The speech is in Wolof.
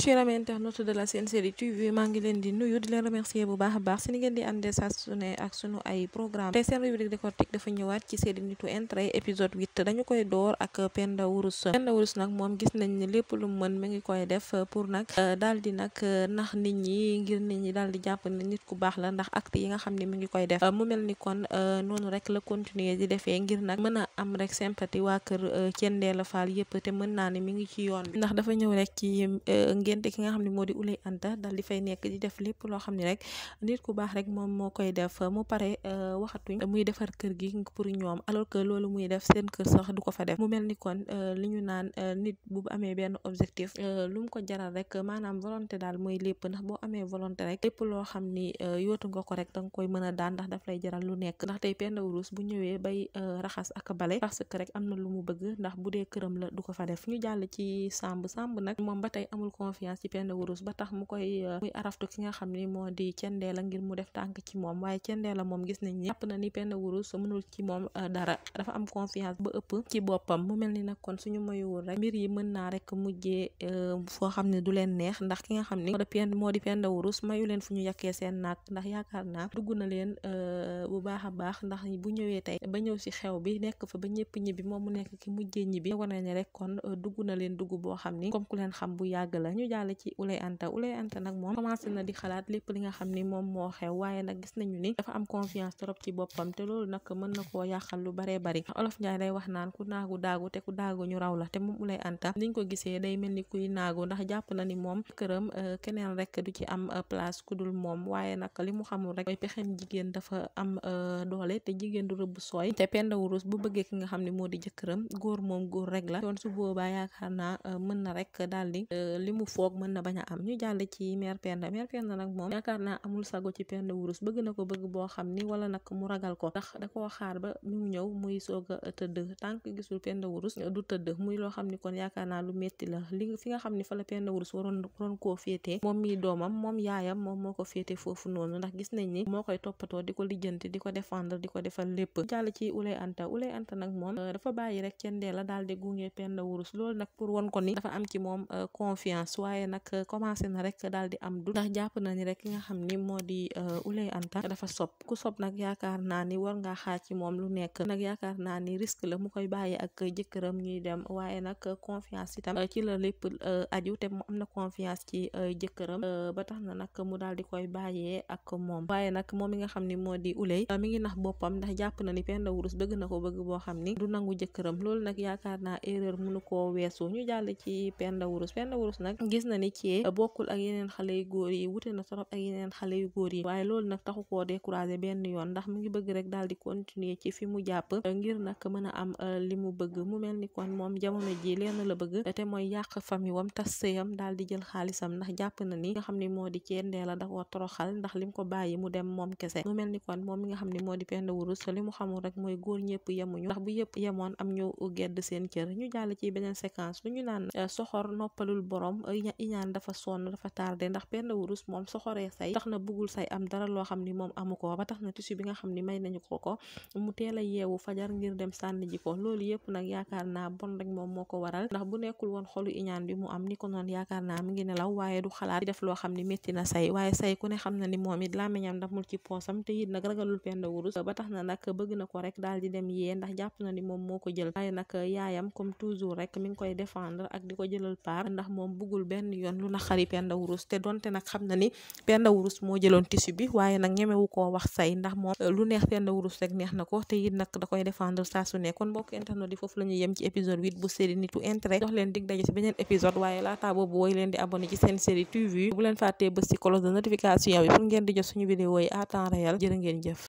chers amis internautes de la Sen Série TV maa ngi leen di nuyu di leen baax a baax si ni ngeen di àndee ngi koy def pour euh, di nag euh, nax nit ñi ngir nit ñi daal jàpp ne nit ku baax la ndax acte yi nga xam ne mi ngi koy def euh, mu mel ni kon noonu rek la continuer di defee ngir nag mën a am rek sympathie waa kër Thiendella Fall yëpp te mën naa ne mi ngi ci yoon ndax dafa ñëw rek ci ngénte ki nga xam ne moo di Ulay Anta dal di fay nekk di def lépp loo xam ne rek nit ku baax rek moom moo koy def mu pare euh, waxatuñ muy defar kër gi pour ñoom alors que loolu muy def seen kër sax du ko fa def mu mel ni kon euh, li ñu naan euh, nit bu amee benn objectif lu mu ko jaral rek maanaam volonté daal mooy lépp ndax boo amee volonté rek lépp loo xam ni yootu nga ko rek danga koy mën a daan ndax daf lay jaral lu nekk ndax tey Penda Wurus bu ñëwee bay raxas ak bale parce que rek am na lu mu bëgg ndax bu dee këram la du fa def confiance ci Penda Wurus ba tax mu koy euh, muy araftu ki nga xam ni moo di cendeela ngir mu def tànk ci moom waaye cendeela moom gis nañ ni jàpp na ni Penda Wurus mënul ci moom euh, dara dafa am confiance ba ëpp ci boppam mu mel ni nag kon suñu moyuwul rek mbir yi mën naa rek mujjee euh, foo xam ne du leen neex ndax ki nga xam ni moo di Penda Wurus mayu leen fu ñu yakkee seen naak ndax yaakaar naa dugg na leen bu baax a baax ndax bu ñëwee tey ba ñëw si xew bi nekk fa ba ñëpp ñibbi moom mu nekk ki mujjee ñibbi wane ne rek kon dugg na leen dugg boo xam ni comme ku leen xam bu yàgg la jàll ci Ouleye Anta Ouleye Anta nag moom commencé na di xalaat lépp li nga xam ni moom moo xew waaye nag gis nañu ni dafa am confiance trop ci boppam te loolu nag mën na koo yàqal lu baree bari olof Njaay day wax naan ku naagu daagu te ku daagu ñu raw la te moom Ouleye Anta niñ ko gisee day mel ni kuy naagu ndax jàpp na ni moom këram euh, keneen rek du ci am euh, place ku dul moom waaye nag li mu xamul rek mooy pexem jigéen dafa am euh, doole te jigéen du rëbb sooy te Penda Wurus bu bëggee ki nga xam ne moo di jëkkëram góor moom góor rek la foog mën na a am ñu jàll ci mère Penda mère Penda nag moom yaakaar da koo xaar ba mi a du tëdd muy loo xam ni kon yaakaar naa lu metti la la Penda Wurus waroon waroon koo féetee moom mi doomam moom yaayam moom moo ko féete foofu noonu ndax gis nañ ni moo koy toppatoo di ko lijjanti di ko défendre di ko defal lépp jàll ci ulay anta ulay anta nag moom euh, dafa bàyyi rek cendee la daal di gunge Penda Wurus loolu nag pour won ko ni dafa am ci moom euh, confiance waaye nag commencé na rek daal di am du ndax jàpp na ni rek ki nga xam ni moo di euh, Ouleye Anta dafa sob ku sob nag yaakaar naa ni war ngaa xaar ci moom lu nekk nag yaakaar naa ni risque la mu koy bàyyi ak jëkkëram ñuy dem waaye nag confiance itam euh, ci la lépp euh, aju te mu am na confiance ci jëkkëram ba tax na nag mu daal di koy bàyyee ak moom waaye nag moom mi nga xam ni moo di Ouleye mi ngi nax boppam ndax jàpp na ni Penda Wurus bëgg na ko bëgg boo xam ni du nangu jëkkëram loolu nag yaakaar naa erreur mënu koo weesu ñu jàll ci Penda Wurus Penda Wurus nag gis na ni Thié bokkul ak yeneen xale yu góor yi wute na torop ak yeneen xale yu góor yi waaye loolu nag taxu koo découragé benn yoon ndax mu ngi bëgg rek daal di continuer ci fi mu jàpp ngir nag mën am euh, li mu bëgg mu mel ni moom jamono ji leen la bëgg te mooy yàq famille wam tas sëyam daal di jël xaalisam ndax jàpp na ni nga xam ni moo di Thié Ndella dafa toroxal ndax lim ko bàyyi mu dem moom kese mu mel ni kon moom mi nga xam ni moo di Penda Wurus li mu xamul rek mooy góor ñëpp yemuñu ndax bu yëpp yemoon am ñu gedd seen cër ñu jàll ci beneen séquence lu ñu naan euh, soxor noppalul borom ña iñaan dafa sonn dafa tardé ndax benn wurus moom soxoree say tax na buggul say am dara loo xam ni moom amu ko ba tax na tissu bi xam ni may nañu ko ko mu teel a yeewu dem sànni ji ko loolu yëpp nag yaakaar naa bon rek moom moo ko waral ndax bu nekkul woon xolu iñaan bi mu am ni ko noonu yaakaar naa mi ngi nelaw waaye du xalaat di def loo xam ni métti na say waaye say ku ne xam na ni moom it làmmiñam ndamul ci poosam te it nag ragalul penn wurus ba tax na nag bëgg na ko rek daal di dem yee ndax jàpp na ni moom moo ko jël waaye nag yaayam comme toujours rek mi ngi koy défendre ak di ko jëlal paar ndax moom buggul benn yoon lu naqari Penda Wurus te donte nag xam na Penda Wurus moo jëloon tissu bi waaye nag ñemewu koo wax say ndax moom lu neex Penda Wurus rek neex na ko te it nag da koy défendre saa su ne kon mbokk internet yi foofu la ñuy yem ci épisode 8 bu série nitu intérêt jox leen dig daje si beneen épisode waaye laataa boobu woy leen di abonné ci seen série TV bu leen fàttee bës ci cloche de notification bi pour ngeen di jot suñu vidéo yi à